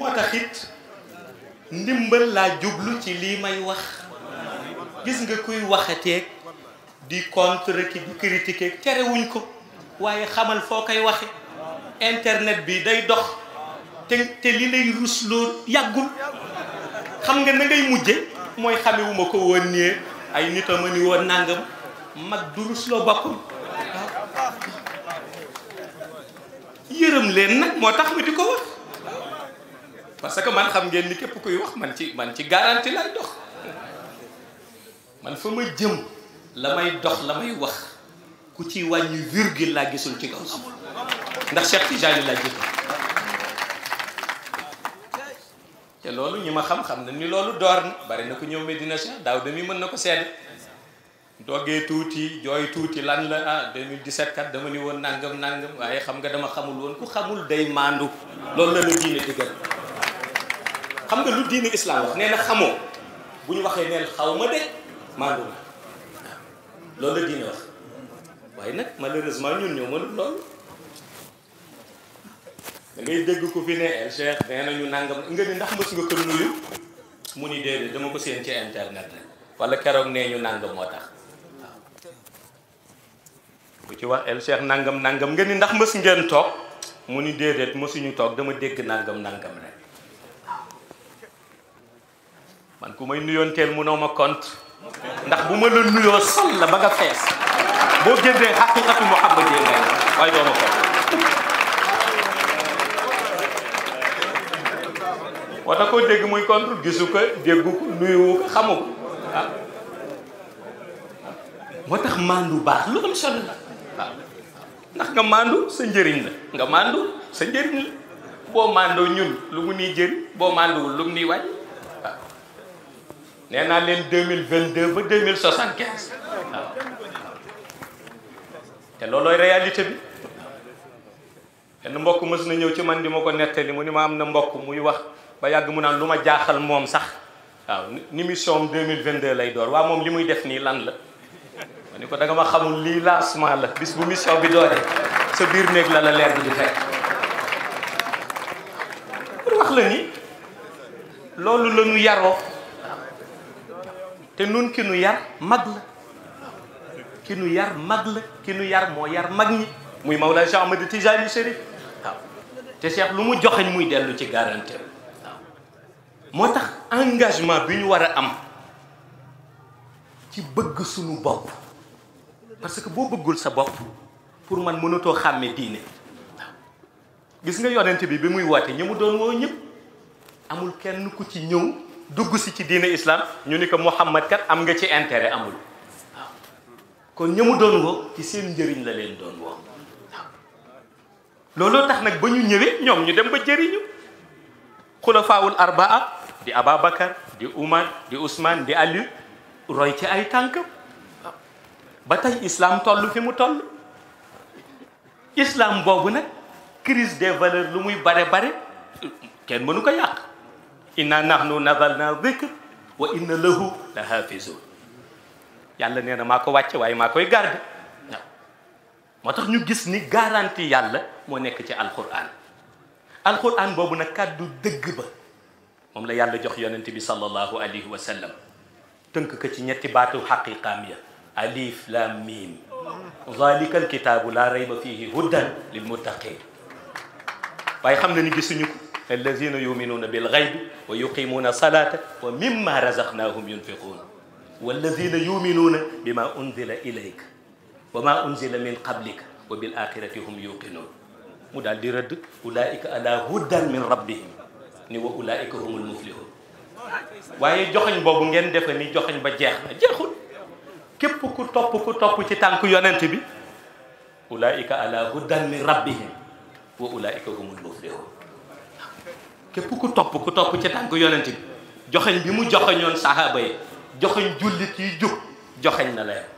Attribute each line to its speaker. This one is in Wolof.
Speaker 1: moo taxit ndimbal laa jublu ci lii may wax gis nga kuy waxateeg di contre ki di critiquer terewuñ ko waaye xamal foo koy waxe internet bi day dox te li lay rusloo yàggul xam nga na ngay mujje mooy xamewuma ko woon nii ay nit a ma ni woon nangam mag du rusloo boppam yërëm leen nag moo tax ma di ko wax parce que man xam ngeen ni képp kuy wax man ci man ci garantie lay dox man fa ma jëm la may dox la may wax ku ci wàññi virgule laa gisul ci kaw si ndax Cheikh Tidiane laa jiitu te loolu ñi ma xam-xam na ni loolu door na na ko ñëw Medina Cheikh daaw mën na ko seede doggee tuuti jooy tuuti lan la ah 2017 kat dama ni woon nangam nangam waaye xam nga dama xamul woon ku xamul day maandu loolu la la diine digal xam nga lu diini islam wax nee na xamoo bu ñu waxee neen xaw ma de maandu ma waaw loolu la wax waaye nag malheureusement ñun ñoo mënul loolu da ngay dégg ko fi ne el eh, cheikh nee nañu nangam nga ni ndax mës nga ko ni dama ko séen ci internet rek wala keroog nee ñu nangam moo ku ci wax el eh, nangam nangam nga ni ndax mës ngeen toog mu ni déedéet mësuñu toog dama dégg nangam nangam rek man ku may nuyoon nuyoonteel munoo ma compte ndax bu ma la nuyoo sol la ba nga fees boo génnee xaqiqatu Muhammad yee ngay waaye doo ma koo dégg muy compte gisu ko déggu ah. moo tax maandu baax lu am solo la ah. ndax nga maandu sa njëriñ la nga maandu sa njëriñ la boo maandoo ñun lu mu nii jëriñ boo maanduwul lu mu nii wàññi nee naa leen deux mille vingt deux ba deux mille soixante quinze waaw te loolooy réalité bi te benn mbokk mës na ñëw ci man di ma ko nettali mu ni ma am na mbokk muy wax ba yàgg mu naan lu ma jaaxal moom sax waaw ni mission am deux mille vingt deux lay door waa moom li muy def nii lan la ma ni ko danga nga ma xamul lii lancement la bis bu mission bi dooree sa biir néeg la la leer bi di fekk pour wax la ni loolu la ñu yaroo. te nun ki nu yar mag la ki nu yar mag la ki nu yar moo yar mag ñi muy Mawlaay Cheikh Ahmad Tijaani Chérif te Cheikh lu mu joxeñ muy dellu ci garantie moo tax engagement bi ñu war a am ci bëgg sunu bopp parce que boo bëggul sa bopp pour man mënatoo xàmme diine gis nga yonent bi bi muy woote ñi mu doon woo ñëpp amul kenn ku ci ñëw dugg si ci diine islam ñu ni ko Muhammad kat am nga ci intérêt amul waaw kon ñamu doon woo ci seen njëriñ la leen doon woo looloo tax nag ba ñu ñëwee ñoom ñu dem ba jëriñu xulafaawul arbaa di Ababacar di Umar di Ousmane di Ali roy ci ay tànkam ba tey islam toll fi mu toll islam boobu nag crise des valeurs lu muy bare bare kenn mënu ko yàq inna nahnu nazalna dhikr wa inna lahu la hafizun yàlla nee na maa ko wàcce waaye maa koy garde waaw moo tax ñu gis ni garantie yàlla moo nekk ci alquran alquran boobu nag kàddu dëgg ba moom la yàlla jox yonent bi sallallahu alayhi wa sallam tënk ko ci ñetti baatu xaqiqaam ya alif lam mim zalika alkitaabu la rayba fihi hudan lilmuttaqin waaye xam na ni gisuñu ko allazina yuminuuna bil xaybi wa yuqimuuna salaata wa mimma razaqnaahum yunfiquun wallazina yuminuuna bima unzila ilayka wa ma unzila min qablika wa bil axirati hum yuqinuun mu daal di rëdd ulaika ala hudan min rabbihim ni wa ulaika humul muflihun waaye joxoñ boobu ngeen defe ni joxoñ ba jeex na jeexul képp ku topp ku topp ci tànk yonent bi ulaika ala hudan min rabbihim wa ulaika humul muflihun képp ku topp ku topp ci tànk yonent bi joxeñ bi mu joxeñoon sahaba yi joxeñ jullit yi jub joxeñ na leen